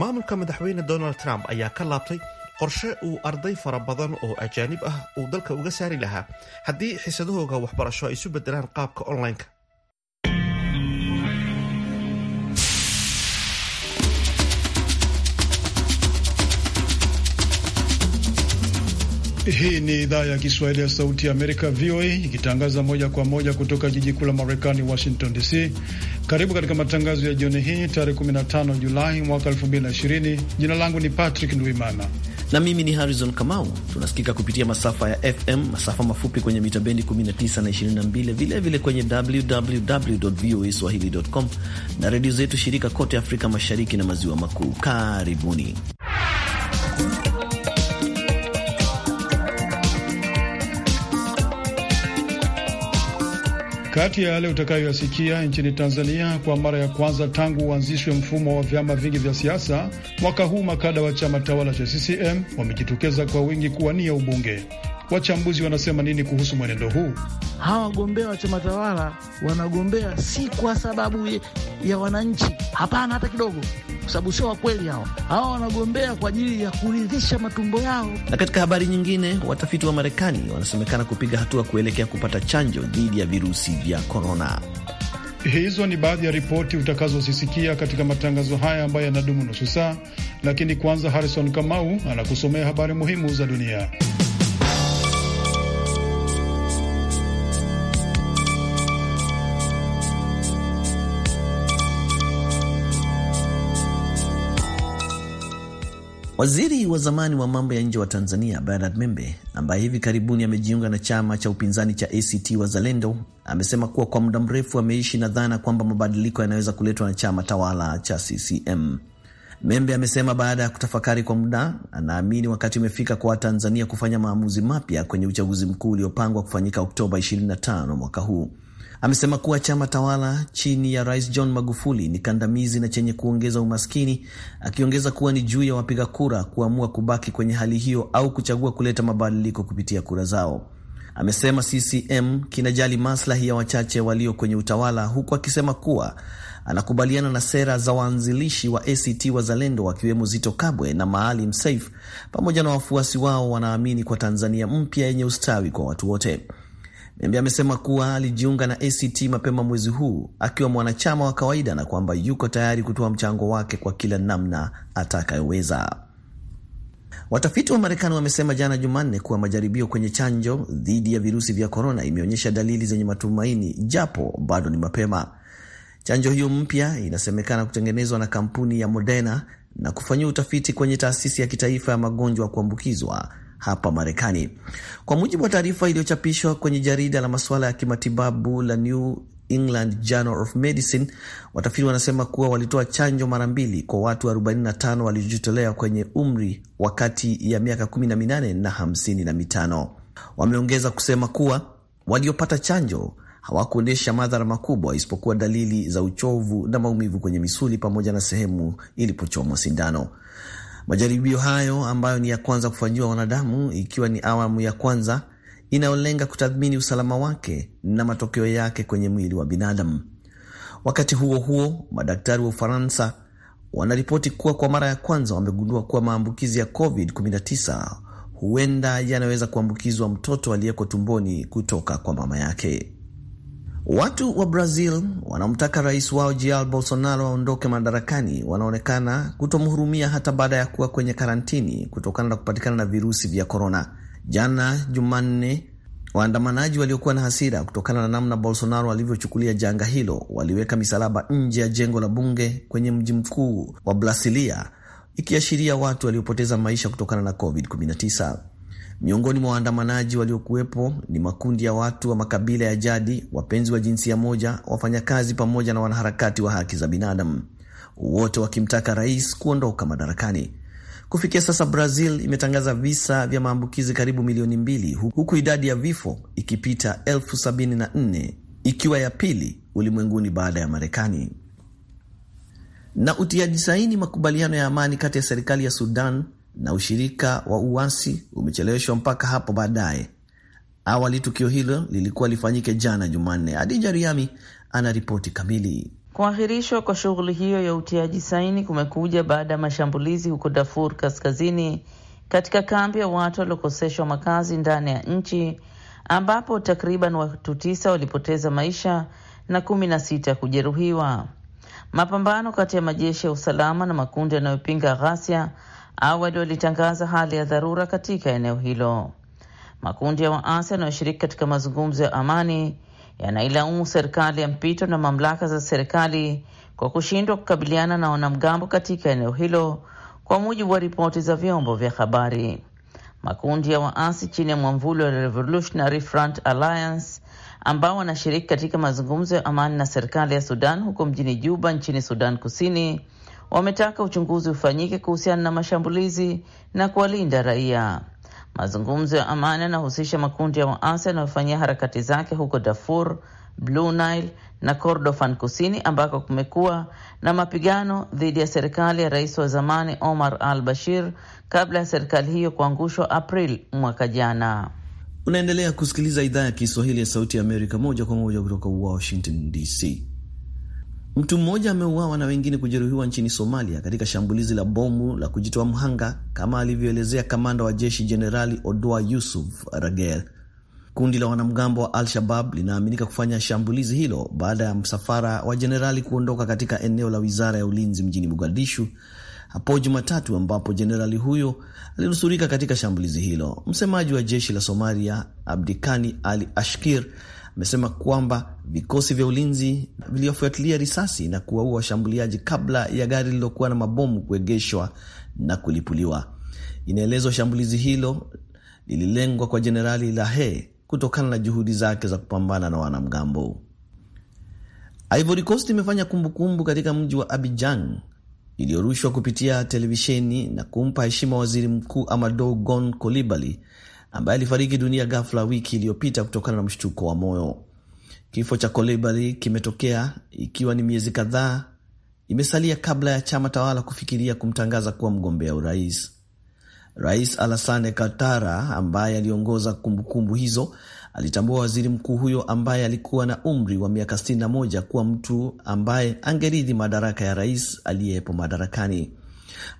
maamulka madaxweyne donald trump ayaa ka laabtay qorshe uu arday fara badan oo ajaanib ah uu dalka uga saari lahaa haddii xiisadahooga waxbarasho ay isu beddelaan qaabka online-ka Hii ni idhaa ya Kiswahili ya Sauti ya Amerika, VOA, ikitangaza moja kwa moja kutoka jiji kuu la Marekani, Washington DC. Karibu katika matangazo ya jioni hii tarehe 15 Julai mwaka 2020. Jina langu ni Patrick Ndwimana na mimi ni Harrison Kamau. Tunasikika kupitia masafa ya FM, masafa mafupi kwenye mita bendi 19 na 22, vilevile kwenye www voa swahili.com na redio zetu shirika kote Afrika Mashariki na Maziwa Makuu. Karibuni Kati ya yale utakayoyasikia nchini Tanzania, kwa mara ya kwanza tangu uanzishwe mfumo wa vyama vingi vya siasa mwaka huu, makada wa chama tawala cha CCM wamejitokeza kwa wingi kuwania ubunge. Wachambuzi wanasema nini kuhusu mwenendo huu? Hawa wagombea wa chama tawala wanagombea si kwa sababu ya wananchi, hapana, hata kidogo kwa sababu sio wakweli hawa. Hawa wanagombea kwa ajili ya kuridhisha matumbo yao. Na katika habari nyingine, watafiti wa Marekani wanasemekana kupiga hatua kuelekea kupata chanjo dhidi ya virusi vya korona. Hizo ni baadhi ya ripoti utakazozisikia katika matangazo haya ambayo yanadumu nusu saa, lakini kwanza, Harrison Kamau anakusomea habari muhimu za dunia. Waziri wa zamani wa mambo ya nje wa Tanzania Bernard Membe, ambaye hivi karibuni amejiunga na chama cha upinzani cha ACT Wazalendo, amesema kuwa kwa muda mrefu ameishi na dhana kwamba mabadiliko yanaweza kuletwa na chama tawala cha CCM. Membe amesema baada ya kutafakari kwa muda, anaamini wakati umefika kwa Watanzania kufanya maamuzi mapya kwenye uchaguzi mkuu uliopangwa kufanyika Oktoba 25 mwaka huu. Amesema kuwa chama tawala chini ya Rais John Magufuli ni kandamizi na chenye kuongeza umaskini, akiongeza kuwa ni juu ya wapiga kura kuamua kubaki kwenye hali hiyo au kuchagua kuleta mabadiliko kupitia kura zao. Amesema CCM kinajali maslahi ya wachache walio kwenye utawala, huku akisema kuwa anakubaliana na sera za waanzilishi wa ACT Wazalendo wakiwemo Zito Kabwe na Maalim Seif pamoja na wafuasi wao wanaamini kwa Tanzania mpya yenye ustawi kwa watu wote. Membe amesema kuwa alijiunga na ACT mapema mwezi huu akiwa mwanachama wa kawaida na kwamba yuko tayari kutoa mchango wake kwa kila namna atakayoweza. Watafiti wa Marekani wamesema jana Jumanne kuwa majaribio kwenye chanjo dhidi ya virusi vya korona imeonyesha dalili zenye matumaini, japo bado ni mapema. Chanjo hiyo mpya inasemekana kutengenezwa na kampuni ya Moderna na kufanyiwa utafiti kwenye taasisi ya kitaifa ya magonjwa ya kuambukizwa hapa Marekani. Kwa mujibu wa taarifa iliyochapishwa kwenye jarida la masuala ya kimatibabu la New England Journal of Medicine, watafiti wanasema kuwa walitoa chanjo mara mbili kwa watu 45 waliojitolea kwenye umri wa kati ya miaka 18 na 55. Wameongeza kusema kuwa waliopata chanjo hawakuonyesha madhara makubwa isipokuwa dalili za uchovu na maumivu kwenye misuli pamoja na sehemu ilipochomwa sindano. Majaribio hayo ambayo ni ya kwanza kufanyiwa wanadamu, ikiwa ni awamu ya kwanza inayolenga kutathmini usalama wake na matokeo yake kwenye mwili wa binadamu. Wakati huo huo, madaktari wa Ufaransa wanaripoti kuwa kwa mara ya kwanza wamegundua kuwa maambukizi ya COVID-19 huenda yanaweza kuambukizwa mtoto aliyeko tumboni kutoka kwa mama yake. Watu wa Brazil wanaomtaka rais wao Jair Bolsonaro aondoke madarakani wanaonekana kutomhurumia hata baada ya kuwa kwenye karantini kutokana na kupatikana na virusi vya korona. Jana Jumanne, waandamanaji waliokuwa na hasira kutokana na namna Bolsonaro alivyochukulia janga hilo waliweka misalaba nje ya jengo la bunge kwenye mji mkuu wa Brasilia, ikiashiria watu waliopoteza maisha kutokana na COVID-19. Miongoni mwa waandamanaji waliokuwepo ni makundi ya watu wa makabila ya jadi, wapenzi wa jinsia moja, wafanyakazi, pamoja na wanaharakati wa haki za binadamu, wote wakimtaka rais kuondoka madarakani. Kufikia sasa Brazil imetangaza visa vya maambukizi karibu milioni mbili huku idadi ya vifo ikipita elfu sabini na nne ikiwa ya pili ulimwenguni baada ya Marekani. Na utiaji saini makubaliano ya amani kati ya serikali ya Sudan na ushirika wa uasi umecheleweshwa mpaka hapo baadaye. Awali tukio hilo lilikuwa lifanyike jana Jumanne. Adija Riami ana ripoti kamili. Kuahirishwa kwa shughuli hiyo ya utiaji saini kumekuja baada ya mashambulizi huko Darfur Kaskazini, katika kambi ya watu waliokoseshwa makazi ndani ya nchi, ambapo takriban watu tisa walipoteza maisha na kumi na sita kujeruhiwa. Mapambano kati ya majeshi ya usalama na makundi yanayopinga ghasia awali walitangaza hali ya dharura katika eneo hilo. Makundi ya waasi yanayoshiriki katika mazungumzo ya amani yanailaumu serikali ya mpito na mamlaka za serikali kwa kushindwa kukabiliana na wanamgambo katika eneo hilo, kwa mujibu wa ripoti za vyombo vya habari. Makundi ya waasi chini ya mwamvuli wa Revolutionary Front Alliance ambao wanashiriki katika mazungumzo ya amani na serikali ya Sudan huko mjini Juba nchini Sudan Kusini wametaka uchunguzi ufanyike kuhusiana na mashambulizi na kuwalinda raia. Mazungumzo ya amani yanahusisha makundi ya waasi yanayofanyia harakati zake huko Darfur, Blue Nile na Kordofan Kusini, ambako kumekuwa na mapigano dhidi ya serikali ya rais wa zamani Omar al Bashir kabla ya serikali hiyo kuangushwa april mwaka jana. Unaendelea kusikiliza idhaa ya Kiswahili ya Sauti ya Amerika moja kwa moja kutoka Washington DC. Mtu mmoja ameuawa na wengine kujeruhiwa nchini Somalia katika shambulizi la bomu la kujitoa mhanga, kama alivyoelezea kamanda wa jeshi Jenerali Odoa Yusuf Rager. Kundi la wanamgambo wa Al-Shabab linaaminika kufanya shambulizi hilo baada ya msafara wa jenerali kuondoka katika eneo la wizara ya ulinzi mjini Mogadishu hapo Jumatatu, ambapo jenerali huyo alinusurika katika shambulizi hilo. Msemaji wa jeshi la Somalia Abdikani Ali Ashkir amesema kwamba vikosi vya ulinzi viliofuatilia risasi na kuwaua washambuliaji kabla ya gari lililokuwa na mabomu kuegeshwa na kulipuliwa. Inaelezwa shambulizi hilo lililengwa kwa Jenerali Lahe kutokana na juhudi zake za kupambana na wanamgambo. Ivory Coast imefanya kumbukumbu katika mji wa Abidjan iliyorushwa kupitia televisheni na kumpa heshima waziri mkuu Amadou Gon Coulibaly ambaye alifariki dunia ghafla wiki iliyopita kutokana na mshtuko wa moyo. Kifo cha Coulibaly kimetokea ikiwa ni miezi kadhaa imesalia kabla ya chama tawala kufikiria kumtangaza kuwa mgombea urais. Rais Alassane Ouattara ambaye aliongoza kumbukumbu hizo alitambua waziri mkuu huyo ambaye alikuwa na umri wa miaka 61 kuwa mtu ambaye angeridhi madaraka ya rais aliyepo madarakani.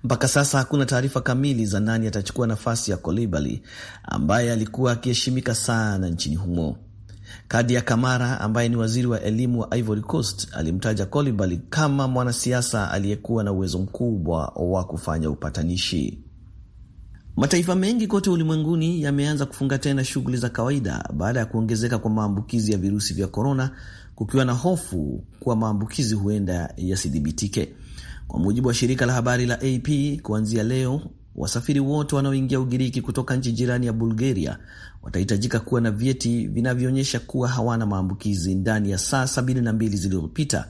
Mpaka sasa hakuna taarifa kamili za nani atachukua nafasi ya Kolibali ambaye alikuwa akiheshimika sana nchini humo. kadi ya Kamara ambaye ni waziri wa elimu wa Ivory Coast alimtaja Kolibali kama mwanasiasa aliyekuwa na uwezo mkubwa wa kufanya upatanishi. Mataifa mengi kote ulimwenguni yameanza kufunga tena shughuli za kawaida baada ya kuongezeka kwa maambukizi ya virusi vya korona, kukiwa na hofu kuwa maambukizi huenda yasidhibitike. Kwa mujibu wa shirika la habari la AP, kuanzia leo wasafiri wote wanaoingia Ugiriki kutoka nchi jirani ya Bulgaria watahitajika kuwa na vyeti vinavyoonyesha kuwa hawana maambukizi ndani ya saa 72 zilizopita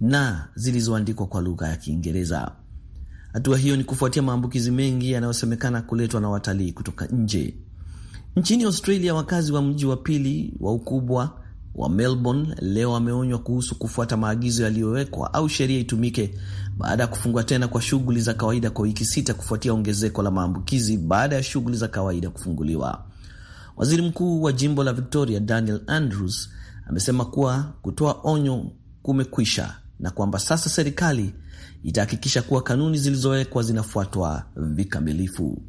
na zilizoandikwa kwa lugha ya Kiingereza. Hatua hiyo ni kufuatia maambukizi mengi yanayosemekana kuletwa na watalii kutoka nje. Nchini Australia, wakazi wa mji wa pili wa ukubwa wa Melbourne leo wameonywa kuhusu kufuata maagizo yaliyowekwa au sheria itumike baada ya kufungwa tena kwa shughuli za kawaida kwa wiki sita kufuatia ongezeko la maambukizi baada ya shughuli za kawaida kufunguliwa. Waziri mkuu wa jimbo la Victoria Daniel Andrews amesema kuwa kutoa onyo kumekwisha na kwamba sasa serikali itahakikisha kuwa kanuni zilizowekwa zinafuatwa vikamilifu.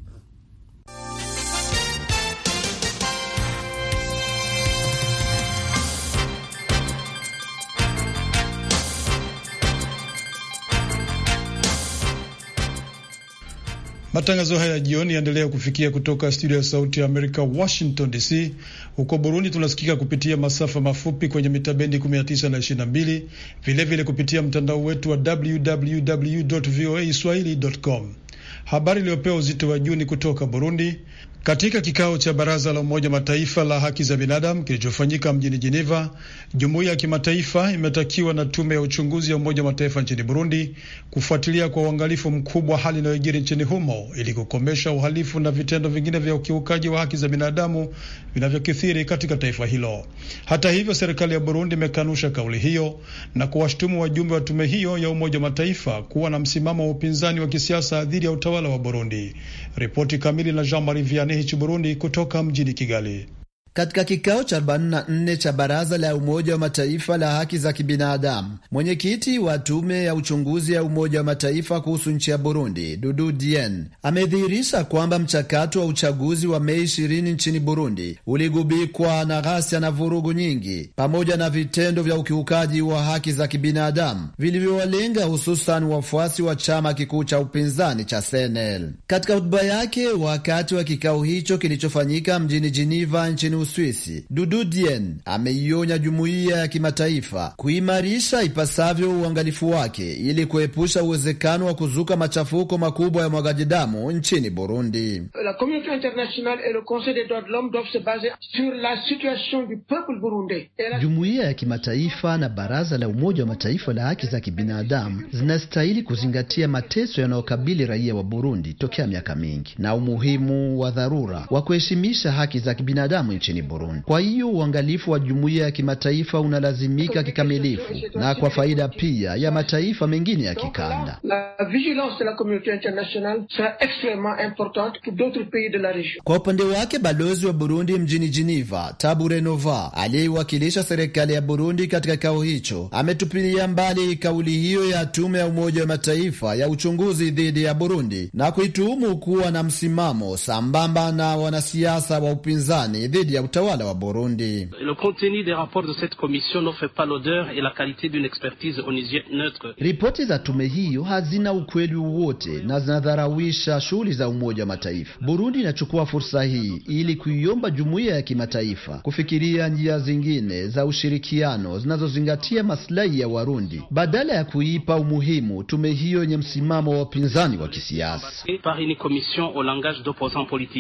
Matangazo haya ya jioni yaendelea kufikia kutoka studio ya Sauti ya Amerika, Washington DC. Huko Burundi tunasikika kupitia masafa mafupi kwenye mitabendi 19 na 22, vilevile kupitia mtandao wetu wa www voa swahili com. Habari iliyopewa uzito wa juu ni kutoka Burundi katika kikao cha baraza la Umoja Mataifa la haki za binadamu kilichofanyika mjini Jeneva, jumuiya ya kimataifa imetakiwa na tume ya uchunguzi ya Umoja Mataifa nchini Burundi kufuatilia kwa uangalifu mkubwa hali inayojiri nchini humo ili kukomesha uhalifu na vitendo vingine vya ukiukaji wa haki za binadamu vinavyokithiri katika taifa hilo. Hata hivyo, serikali ya Burundi imekanusha kauli hiyo na kuwashutumu wajumbe wa tume hiyo ya Umoja Mataifa kuwa na msimamo wa upinzani wa kisiasa dhidi ya utawala wa Burundi. Ripoti kamili na Jean Marie Vianney. Shebehi Burundi, kutoka mjini Kigali. Katika kikao cha 44 cha baraza la Umoja wa Mataifa la haki za kibinadamu, mwenyekiti wa tume ya uchunguzi ya Umoja wa Mataifa kuhusu nchi ya Burundi, Dudu Dien, amedhihirisha kwamba mchakato wa uchaguzi wa Mei 20 nchini Burundi uligubikwa na ghasia na vurugu nyingi pamoja na vitendo vya ukiukaji wa haki za kibinadamu vilivyowalenga hususan wafuasi wa chama kikuu cha upinzani cha CNL. Katika hotuba yake wakati wa kikao hicho kilichofanyika mjini jiniva nchini Uswisi, Dudu Dien, ameionya jumuiya ya kimataifa kuimarisha ipasavyo uangalifu wake ili kuepusha uwezekano wa kuzuka machafuko makubwa ya mwagaji damu nchini Burundi. La communauté internationale et le conseil des droits de l'homme doivent se baser sur la situation du peuple burundais. Jumuiya ya kimataifa na baraza la Umoja wa Mataifa la haki za kibinadamu zinastahili kuzingatia mateso yanayokabili raia wa Burundi tokea miaka mingi na umuhimu wa dharura wa kuheshimisha haki za kibinadamu nchini nchini Burundi. Kwa hiyo uangalifu wa jumuiya ya kimataifa unalazimika kikamilifu na kwa faida pia ya mataifa mengine ya kikanda. Kwa upande wake, balozi wa Burundi mjini Geneva, Tabu Renova, aliyeiwakilisha serikali ya Burundi katika kikao hicho, ametupilia mbali kauli hiyo ya tume ya Umoja wa Mataifa ya uchunguzi dhidi ya Burundi na kuituhumu kuwa na msimamo sambamba na wanasiasa wa upinzani dhidi ya utawala wa Burundi. Ripoti za tume hiyo hazina ukweli wowote na zinadharauisha shughuli za Umoja wa Mataifa. Burundi inachukua fursa hii ili kuiomba jumuiya ya kimataifa kufikiria njia zingine za ushirikiano zinazozingatia maslahi ya Warundi badala ya kuipa umuhimu tume hiyo yenye msimamo wa wapinzani wa kisiasa.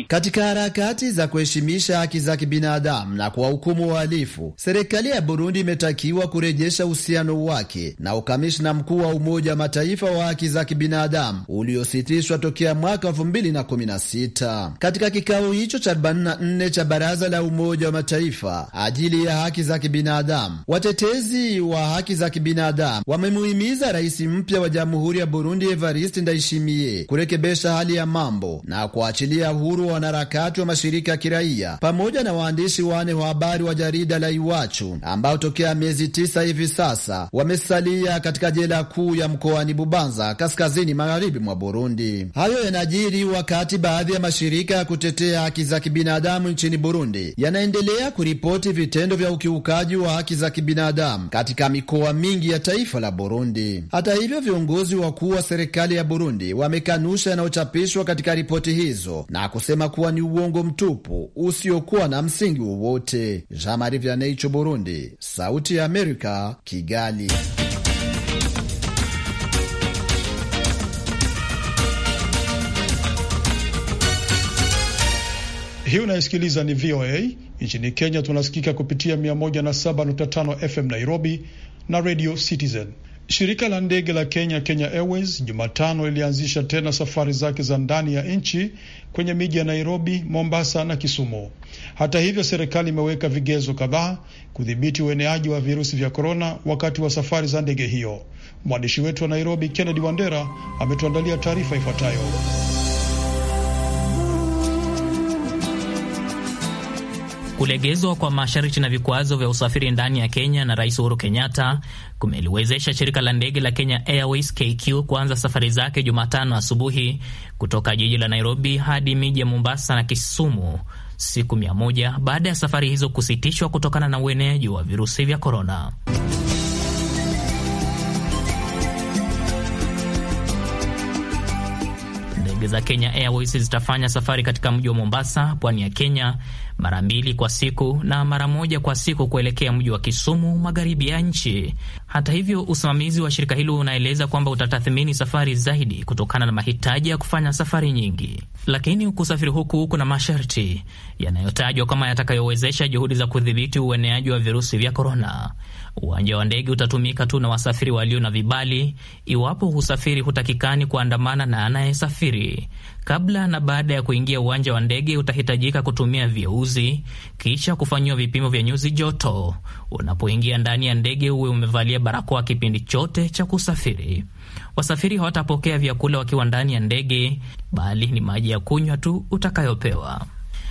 Katika harakati za kuheshimisha haki za kibinadamu na kuwahukumu wahalifu, serikali ya Burundi imetakiwa kurejesha uhusiano wake na ukamishna mkuu wa Umoja wa Mataifa wa haki za kibinadamu uliositishwa tokea mwaka 2016. Katika kikao hicho cha 44 cha Baraza la Umoja wa Mataifa ajili ya haki za kibinadamu, watetezi wa haki za kibinadamu wamemuhimiza rais mpya wa Jamhuri ya Burundi Evariste Ndayishimiye kurekebesha hali ya mambo na kuachilia huru wa wanaharakati wa mashirika ya kiraia pamoja na waandishi wane wa habari wa jarida la Iwachu ambao tokea miezi tisa hivi sasa wamesalia katika jela kuu ya mkoani Bubanza, kaskazini magharibi mwa Burundi. Hayo yanajiri wakati baadhi ya mashirika ya kutetea haki za kibinadamu nchini Burundi yanaendelea kuripoti vitendo vya ukiukaji wa haki za kibinadamu katika mikoa mingi ya taifa la Burundi. Hata hivyo, viongozi wakuu wa serikali ya Burundi wamekanusha yanayochapishwa katika ripoti hizo na kusema kuwa ni uongo mtupu usiokuwa na msingi wowote. Jean Marie Vianney Cho, Burundi. Sauti ya Amerika, Kigali. Hii unayosikiliza ni VOA. Nchini Kenya tunasikika kupitia 107.5 FM Nairobi na Radio Citizen. Shirika la ndege la Kenya, Kenya Airways, Jumatano lilianzisha tena safari zake za ndani ya nchi kwenye miji ya Nairobi, Mombasa na Kisumu. Hata hivyo, serikali imeweka vigezo kadhaa kudhibiti ueneaji wa virusi vya korona wakati wa safari za ndege hiyo. Mwandishi wetu wa Nairobi, Kennedy Wandera, ametuandalia taarifa ifuatayo. Kulegezwa kwa masharti na vikwazo vya usafiri ndani ya Kenya na Rais Uhuru Kenyatta kumeliwezesha shirika la ndege la Kenya Airways KQ kuanza safari zake Jumatano asubuhi kutoka jiji la Nairobi hadi miji ya Mombasa na Kisumu, siku mia moja baada ya safari hizo kusitishwa kutokana na ueneaji wa virusi vya korona. Ndege za Kenya Airways zitafanya safari katika mji wa Mombasa, pwani ya Kenya, mara mbili kwa siku na mara moja kwa siku kuelekea mji wa Kisumu, magharibi ya nchi. Hata hivyo, usimamizi wa shirika hilo unaeleza kwamba utatathmini safari zaidi kutokana na mahitaji ya kufanya safari nyingi, lakini kusafiri huku kuna masharti yanayotajwa kama yatakayowezesha juhudi za kudhibiti ueneaji wa virusi vya korona. Uwanja wa ndege utatumika tu na wasafiri walio na vibali, iwapo husafiri hutakikani kuandamana na anayesafiri. Kabla na baada ya kuingia uwanja wa ndege utahitajika kutumia vyeuzi, kisha kufanyiwa vipimo vya nyuzi joto. Unapoingia ndani ya ndege, uwe umevalia barakoa kipindi chote cha kusafiri. Wasafiri hawatapokea vyakula wakiwa ndani ya ndege, bali ni maji ya kunywa tu utakayopewa.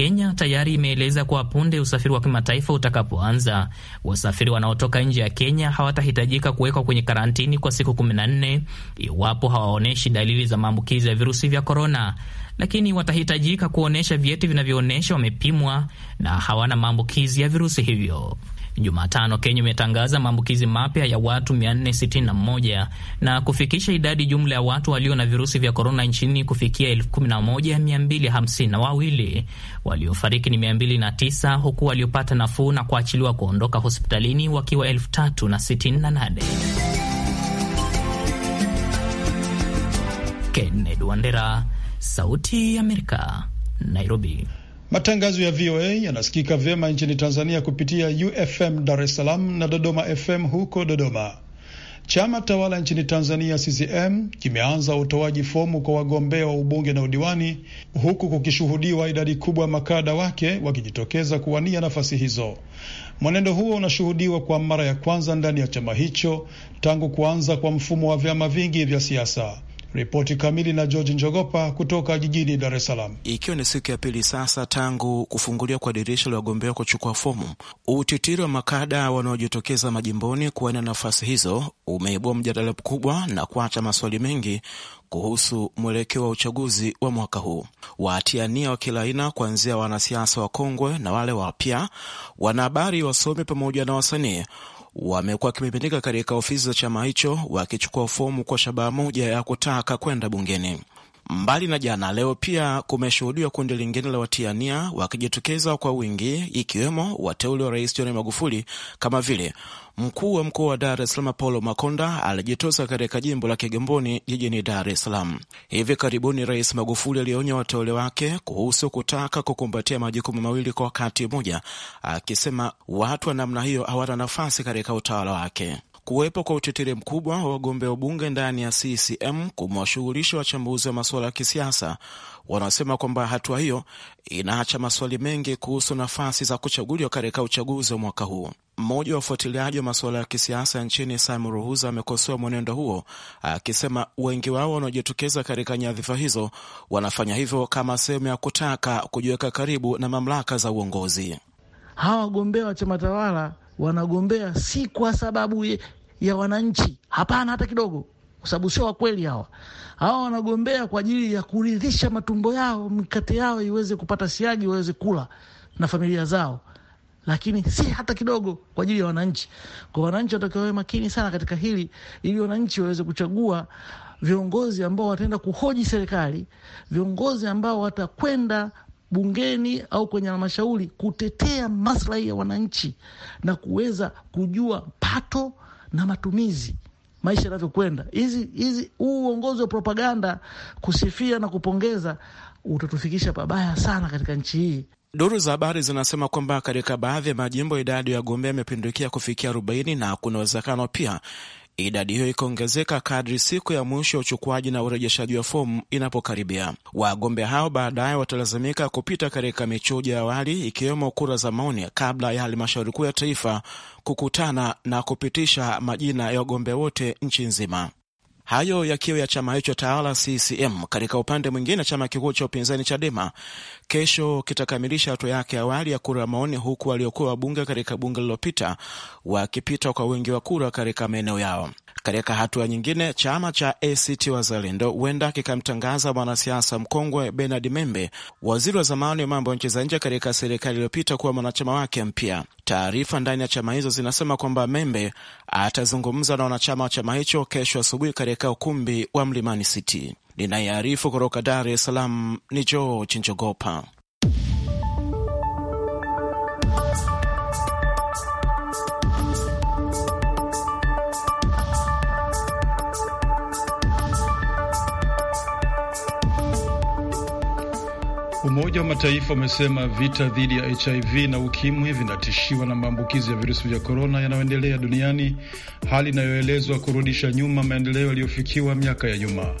Kenya tayari imeeleza kuwa punde usafiri wa kimataifa utakapoanza, wasafiri wanaotoka nje ya Kenya hawatahitajika kuwekwa kwenye karantini kwa siku 14 iwapo hawaonyeshi dalili za maambukizi ya virusi vya korona, lakini watahitajika kuonyesha vyeti vinavyoonyesha wamepimwa na hawana maambukizi ya virusi hivyo. Jumatano Kenya imetangaza maambukizi mapya ya watu 461 na kufikisha idadi jumla ya watu walio na virusi vya korona nchini kufikia 11252. Waliofariki ni 209 huku waliopata nafuu na kuachiliwa kuondoka hospitalini wakiwa 3068. Kennedy Wandera, Sauti ya Amerika, Nairobi. Matangazo ya VOA yanasikika vyema nchini Tanzania kupitia UFM Dar es Salaam na Dodoma FM huko Dodoma. Chama tawala nchini Tanzania CCM kimeanza utoaji fomu kwa wagombea wa ubunge na udiwani huku kukishuhudiwa idadi kubwa ya makada wake wakijitokeza kuwania nafasi hizo. Mwenendo huo unashuhudiwa kwa mara ya kwanza ndani ya chama hicho tangu kuanza kwa mfumo wa vyama vingi vya siasa. Ripoti kamili na George Njogopa kutoka jijini Dar es Salaam. Ikiwa ni siku ya pili sasa tangu kufunguliwa kwa dirisha la wagombea kuchukua fomu, utitiri wa makada wanaojitokeza majimboni kuwania nafasi hizo umeibua mjadala mkubwa na kuacha maswali mengi kuhusu mwelekeo wa uchaguzi wa mwaka huu. Watia nia wa kila aina, kuanzia wanasiasa wakongwe na wale wapya, wanahabari, wasomi pamoja na wasanii wamekuwa wakimiminika katika ofisi za chama hicho wakichukua fomu kwa shabaha moja ya kutaka kwenda bungeni. Mbali na jana, leo pia kumeshuhudiwa kundi lingine la watiania wakijitokeza kwa wingi, ikiwemo wateuli wa Rais John Magufuli kama vile mkuu wa mkoa wa Dar es Salaam Paulo Makonda alijitosa katika jimbo la Kigamboni jijini Dar es Salaam. Hivi karibuni, Rais Magufuli alionya wateule wake kuhusu kutaka kukumbatia majukumu mawili kwa wakati mmoja, akisema watu wa namna hiyo hawana nafasi katika utawala wake. Kuwepo kwa utitiri mkubwa wa wagombea ubunge ndani ya CCM kumewashughulisha wachambuzi wa masuala ya kisiasa wanaosema kwamba hatua hiyo inaacha maswali mengi kuhusu nafasi za kuchaguliwa katika uchaguzi wa mwaka huu. Mmoja wa wafuatiliaji wa masuala ya kisiasa nchini, Sam Ruhuza, amekosoa mwenendo huo akisema wengi wao wanaojitokeza katika nyadhifa hizo wanafanya hivyo kama sehemu ya kutaka kujiweka karibu na mamlaka za uongozi. Hawa wagombea wa chama tawala wanagombea si kwa sababu ya wananchi, hapana, hata kidogo, kwa sababu sio wakweli hawa. Hawa wanagombea kwa ajili ya kuridhisha matumbo yao, mikate yao iweze kupata siagi, waweze kula na familia zao, lakini si hata kidogo kwa ajili ya wananchi. Kwa wananchi watakiwa makini sana katika hili, ili wananchi waweze kuchagua viongozi ambao wataenda kuhoji serikali, viongozi ambao watakwenda bungeni au kwenye halmashauri kutetea maslahi ya wananchi na kuweza kujua pato na matumizi maisha yanavyokwenda. Hizi hizi, huu uongozi wa propaganda, kusifia na kupongeza, utatufikisha pabaya sana katika nchi hii. Duru za habari zinasema kwamba katika baadhi ya majimbo idadi ya wagombea imepindukia kufikia arobaini na kuna uwezekano pia Idadi hiyo ikaongezeka kadri siku ya mwisho ya uchukuaji na urejeshaji wa fomu inapokaribia. Wagombea hao baadaye watalazimika kupita katika michujo ya awali, ikiwemo kura za maoni, kabla ya halmashauri kuu ya taifa kukutana na kupitisha majina ya wagombea wote nchi nzima. Hayo yakiwa ya chama hicho tawala CCM. Katika upande mwingine, chama kikuu cha upinzani Chadema kesho kitakamilisha hatua yake awali ya kura maoni, huku waliokuwa wabunge katika bunge lililopita wakipita kwa wingi wa kura katika maeneo yao. Katika hatua nyingine, chama cha ACT Wazalendo huenda kikamtangaza mwanasiasa mkongwe Bernard Membe, waziri wa zamani wa mambo ya nchi za nje katika serikali iliyopita, kuwa mwanachama wake mpya. Taarifa ndani ya chama hizo zinasema kwamba Membe atazungumza na wanachama wa chama hicho kesho asubuhi katika ukumbi wa Mlimani City. Ninayearifu kutoka Dar es Salaam ni George Njogopa. Umoja wa Mataifa umesema vita dhidi ya HIV na ukimwi vinatishiwa na maambukizi ya virusi vya korona yanayoendelea duniani, hali inayoelezwa kurudisha nyuma maendeleo yaliyofikiwa miaka ya nyuma.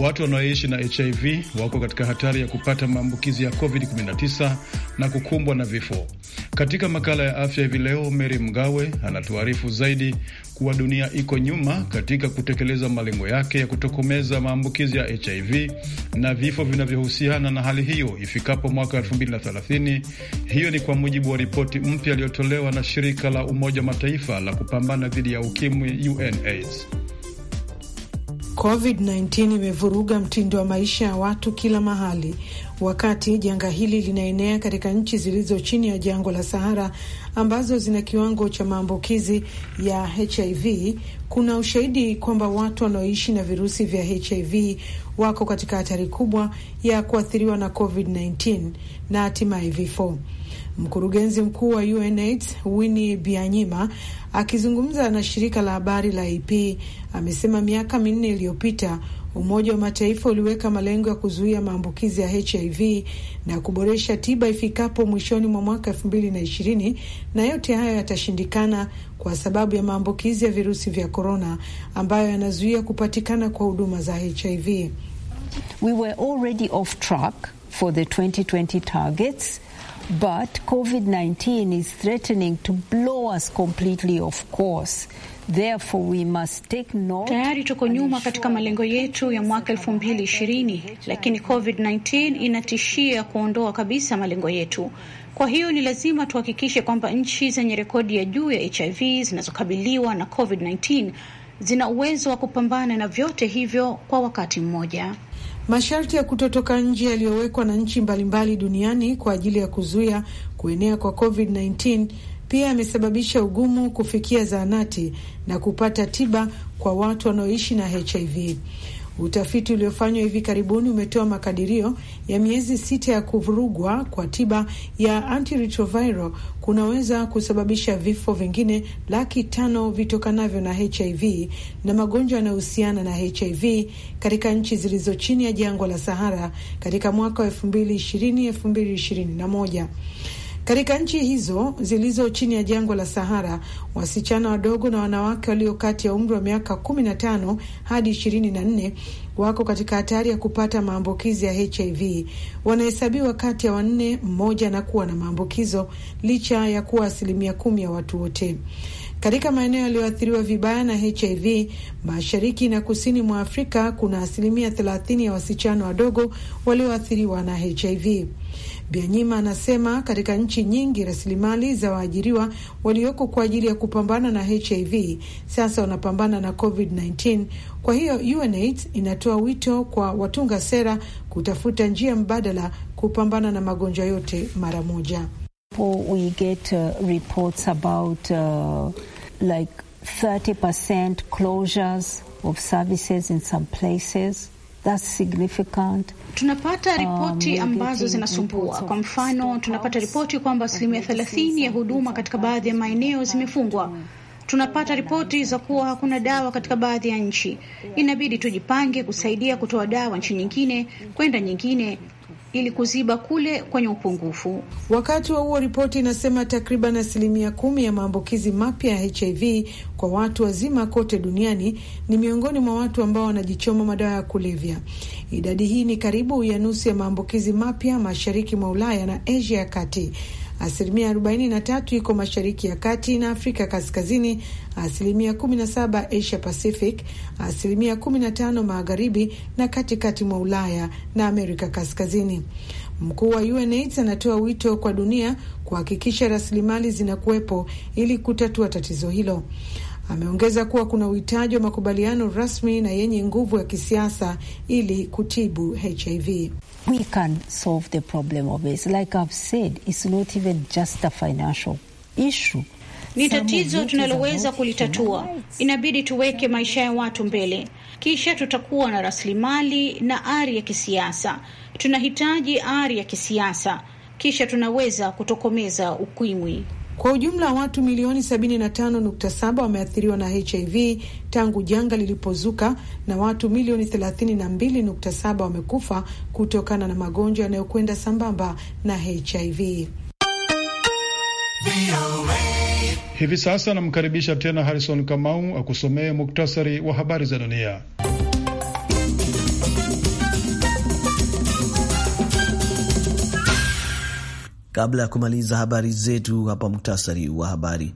Watu wanaoishi na HIV wako katika hatari ya kupata maambukizi ya COVID-19 na kukumbwa na vifo. Katika makala ya afya hivi leo, Meri Mgawe anatuarifu zaidi kuwa dunia iko nyuma katika kutekeleza malengo yake ya kutokomeza maambukizi ya HIV na vifo vinavyohusiana na hali hiyo ifikapo mwaka 2030. Hiyo ni kwa mujibu wa ripoti mpya iliyotolewa na shirika la Umoja wa Mataifa la kupambana dhidi ya ukimwi UNAIDS. COVID-19 imevuruga mtindo wa maisha ya watu kila mahali, wakati janga hili linaenea katika nchi zilizo chini ya jangwa la Sahara ambazo zina kiwango cha maambukizi ya HIV. Kuna ushahidi kwamba watu wanaoishi na virusi vya HIV wako katika hatari kubwa ya kuathiriwa na COVID-19 na hatimaye vifo. Mkurugenzi mkuu wa UNAIDS Winnie Byanyima akizungumza na shirika la habari la AP amesema miaka minne iliyopita Umoja wa Mataifa uliweka malengo ya kuzuia maambukizi ya HIV na kuboresha tiba ifikapo mwishoni mwa mwaka elfu mbili na ishirini, na yote hayo yatashindikana kwa sababu ya maambukizi ya virusi vya korona ambayo yanazuia kupatikana kwa huduma za HIV. We were already off track for the 2020 targets. But COVID-19 is threatening to blow us completely off course. Tayari tuko nyuma katika malengo yetu ya mwaka elfu mbili ishirini, lakini COVID-19 inatishia kuondoa kabisa malengo yetu. Kwa hiyo ni lazima tuhakikishe kwamba nchi zenye rekodi ya juu ya HIV zinazokabiliwa na COVID-19 zina uwezo wa kupambana na vyote hivyo kwa wakati mmoja. Masharti ya kutotoka nje yaliyowekwa na nchi mbalimbali duniani kwa ajili ya kuzuia kuenea kwa COVID-19 pia yamesababisha ugumu kufikia zahanati na kupata tiba kwa watu wanaoishi na HIV. Utafiti uliofanywa hivi karibuni umetoa makadirio ya miezi sita ya kuvurugwa kwa tiba ya antiretroviral kunaweza kusababisha vifo vingine laki tano vitokanavyo na HIV na magonjwa yanayohusiana na HIV katika nchi zilizo chini ya jangwa la Sahara katika mwaka wa elfu mbili ishirini elfu mbili ishirini na moja. Katika nchi hizo zilizo chini ya jangwa la Sahara, wasichana wadogo na wanawake walio kati ya umri wa miaka kumi na tano hadi ishirini na nne wako katika hatari ya kupata maambukizi ya HIV. Wanahesabiwa kati ya wanne mmoja anakuwa na maambukizo, licha ya kuwa asilimia kumi ya watu wote. Katika maeneo yaliyoathiriwa vibaya na HIV mashariki na kusini mwa Afrika kuna asilimia thelathini ya wasichana wadogo walioathiriwa na HIV. Bianyima anasema katika nchi nyingi rasilimali za waajiriwa walioko kwa ajili ya kupambana na HIV sasa wanapambana na COVID-19. Kwa hiyo UNAIDS inatoa wito kwa watunga sera kutafuta njia mbadala kupambana na magonjwa yote mara moja. We get, uh, reports about, uh, like 30% closures of services in some places. That's significant. Tunapata um, ripoti ambazo zinasumbua. Kwa mfano, tunapata ripoti kwamba asilimia thelathini ya huduma katika baadhi ya maeneo zimefungwa. Mm. Tunapata ripoti za kuwa hakuna dawa katika baadhi ya nchi. Inabidi tujipange kusaidia kutoa dawa nchi nyingine kwenda nyingine ili kuziba kule kwenye upungufu. Wakati wa huo, ripoti inasema takriban asilimia kumi ya maambukizi mapya ya HIV kwa watu wazima kote duniani ni miongoni mwa watu ambao wanajichoma madawa ya kulevya. Idadi hii ni karibu ya nusu ya maambukizi mapya mashariki mwa Ulaya na Asia ya kati asilimia 43 iko mashariki ya kati na Afrika kaskazini, asilimia 17 Asia Pacific, asilimia 15 magharibi na katikati mwa Ulaya na Amerika kaskazini. Mkuu wa UNAIDS anatoa wito kwa dunia kuhakikisha rasilimali zinakuwepo ili kutatua tatizo hilo. Ameongeza kuwa kuna uhitaji wa makubaliano rasmi na yenye nguvu ya kisiasa ili kutibu HIV we can solve the problem of waste. Like I've said, it's not even just a financial issue. Ni tatizo tunaloweza kulitatua. Inabidi tuweke maisha ya watu mbele, kisha tutakuwa na rasilimali na ari ya kisiasa. Tunahitaji ari ya kisiasa, kisha tunaweza kutokomeza ukimwi. Kwa ujumla watu milioni 75.7 wameathiriwa na HIV tangu janga lilipozuka na watu milioni 32.7 wamekufa kutokana na magonjwa yanayokwenda sambamba na HIV. Hivi sasa namkaribisha tena Harrison Kamau akusomee muktasari wa habari za dunia. Kabla ya kumaliza habari zetu hapa, muktasari wa habari.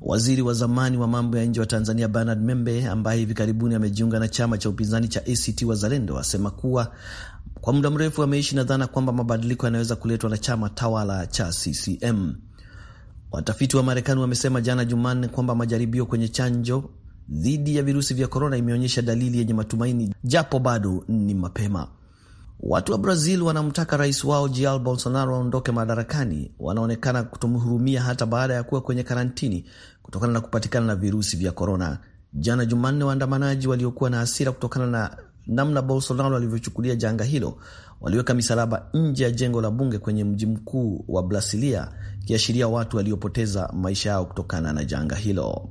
Waziri wa zamani wa mambo ya nje wa Tanzania Bernard Membe, ambaye hivi karibuni amejiunga na chama cha upinzani cha ACT Wazalendo, asema kuwa kwa muda mrefu ameishi na dhana kwamba mabadiliko yanaweza kuletwa na chama tawala cha CCM. Watafiti wa Marekani wamesema jana Jumanne kwamba majaribio kwenye chanjo dhidi ya virusi vya korona imeonyesha dalili yenye matumaini, japo bado ni mapema. Watu wa Brazil wanamtaka rais wao Jair Bolsonaro aondoke madarakani, wanaonekana kutomhurumia hata baada ya kuwa kwenye karantini kutokana na kupatikana na virusi vya korona. Jana Jumanne, waandamanaji waliokuwa na hasira kutokana na namna Bolsonaro alivyochukulia janga hilo waliweka misalaba nje ya jengo la bunge kwenye mji mkuu wa Brasilia, ikiashiria watu waliopoteza maisha yao kutokana na janga hilo.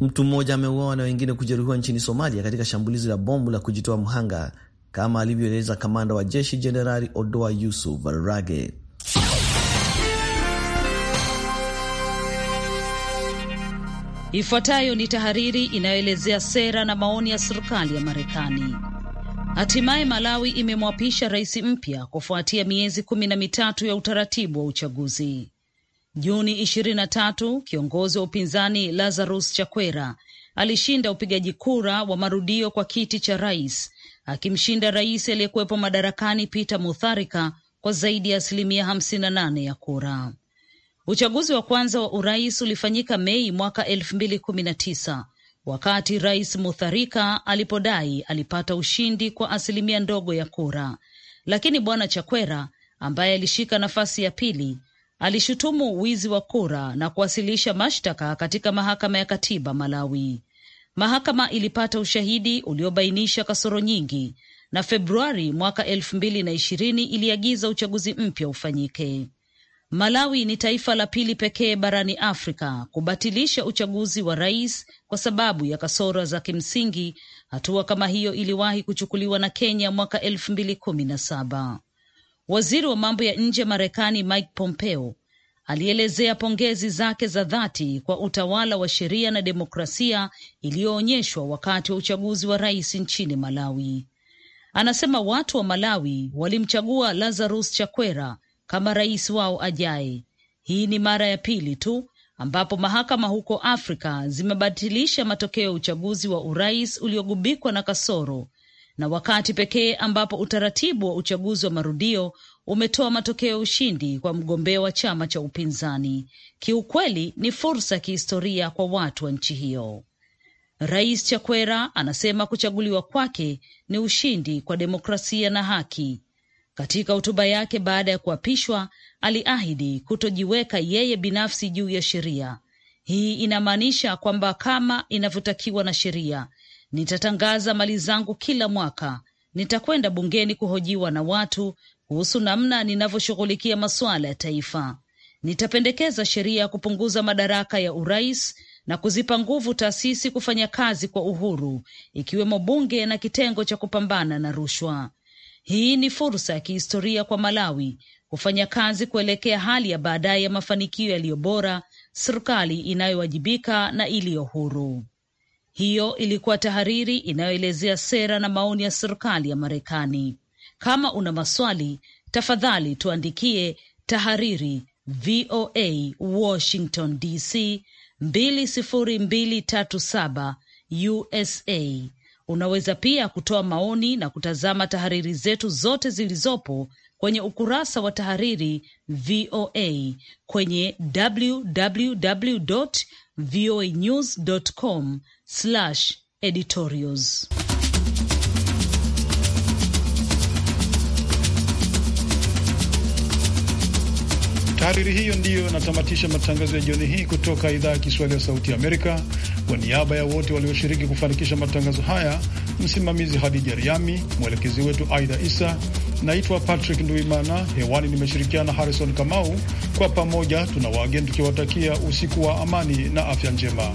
Mtu mmoja ameuawa na wengine kujeruhiwa nchini Somalia katika shambulizi la bomu la kujitoa mhanga kama alivyoeleza kamanda wa jeshi Jenerali Odoa Yusuf Varage. Ifuatayo ni tahariri inayoelezea sera na maoni ya serikali ya Marekani. Hatimaye Malawi imemwapisha rais mpya kufuatia miezi kumi na mitatu ya utaratibu wa uchaguzi. Juni 23 tatu, kiongozi wa upinzani Lazarus Chakwera alishinda upigaji kura wa marudio kwa kiti cha rais akimshinda rais aliyekuwepo madarakani Peter Mutharika kwa zaidi ya asilimia hamsini na nane ya kura. Uchaguzi wa kwanza wa urais ulifanyika Mei mwaka elfu mbili kumi na tisa wakati rais Mutharika alipodai alipata ushindi kwa asilimia ndogo ya kura, lakini bwana Chakwera ambaye alishika nafasi ya pili alishutumu wizi wa kura na kuwasilisha mashtaka katika mahakama ya katiba Malawi. Mahakama ilipata ushahidi uliobainisha kasoro nyingi na Februari mwaka elfu mbili na ishirini iliagiza uchaguzi mpya ufanyike. Malawi ni taifa la pili pekee barani Afrika kubatilisha uchaguzi wa rais kwa sababu ya kasoro za kimsingi. Hatua kama hiyo iliwahi kuchukuliwa na Kenya mwaka elfu mbili kumi na saba. Waziri wa mambo ya nje Marekani Mike Pompeo alielezea pongezi zake za dhati kwa utawala wa sheria na demokrasia iliyoonyeshwa wakati wa uchaguzi wa rais nchini Malawi. Anasema watu wa Malawi walimchagua Lazarus Chakwera kama rais wao ajaye. Hii ni mara ya pili tu ambapo mahakama huko Afrika zimebatilisha matokeo ya uchaguzi wa urais uliogubikwa na kasoro na wakati pekee ambapo utaratibu wa uchaguzi wa marudio umetoa matokeo ya ushindi kwa mgombea wa chama cha upinzani. Kiukweli ni fursa ya kihistoria kwa watu wa nchi hiyo. Rais Chakwera anasema kuchaguliwa kwake ni ushindi kwa demokrasia na haki. Katika hotuba yake baada ya kuapishwa, aliahidi kutojiweka yeye binafsi juu ya sheria. Hii inamaanisha kwamba kama inavyotakiwa na sheria, nitatangaza mali zangu kila mwaka, nitakwenda bungeni kuhojiwa na watu kuhusu namna ninavyoshughulikia masuala ya taifa. Nitapendekeza sheria ya kupunguza madaraka ya urais na kuzipa nguvu taasisi kufanya kazi kwa uhuru, ikiwemo bunge na kitengo cha kupambana na rushwa. Hii ni fursa ya kihistoria kwa Malawi kufanya kazi kuelekea hali ya baadaye ya mafanikio yaliyo bora, serikali inayowajibika na iliyo huru. Hiyo ilikuwa tahariri inayoelezea sera na maoni ya serikali ya Marekani. Kama una maswali, tafadhali tuandikie tahariri VOA Washington DC 20237 USA. Unaweza pia kutoa maoni na kutazama tahariri zetu zote zilizopo kwenye ukurasa wa tahariri VOA kwenye www voanews.com slash editorials. Tahariri hiyo ndiyo inatamatisha matangazo ya jioni hii kutoka idhaa ya Kiswahili ya Sauti ya Amerika. Kwa niaba ya wote walioshiriki kufanikisha matangazo haya, msimamizi Hadija Riami, mwelekezi wetu Aida Isa. Naitwa Patrick Nduimana, hewani nimeshirikiana Harrison Kamau. Kwa pamoja tuna wageni tukiwatakia usiku wa amani na afya njema.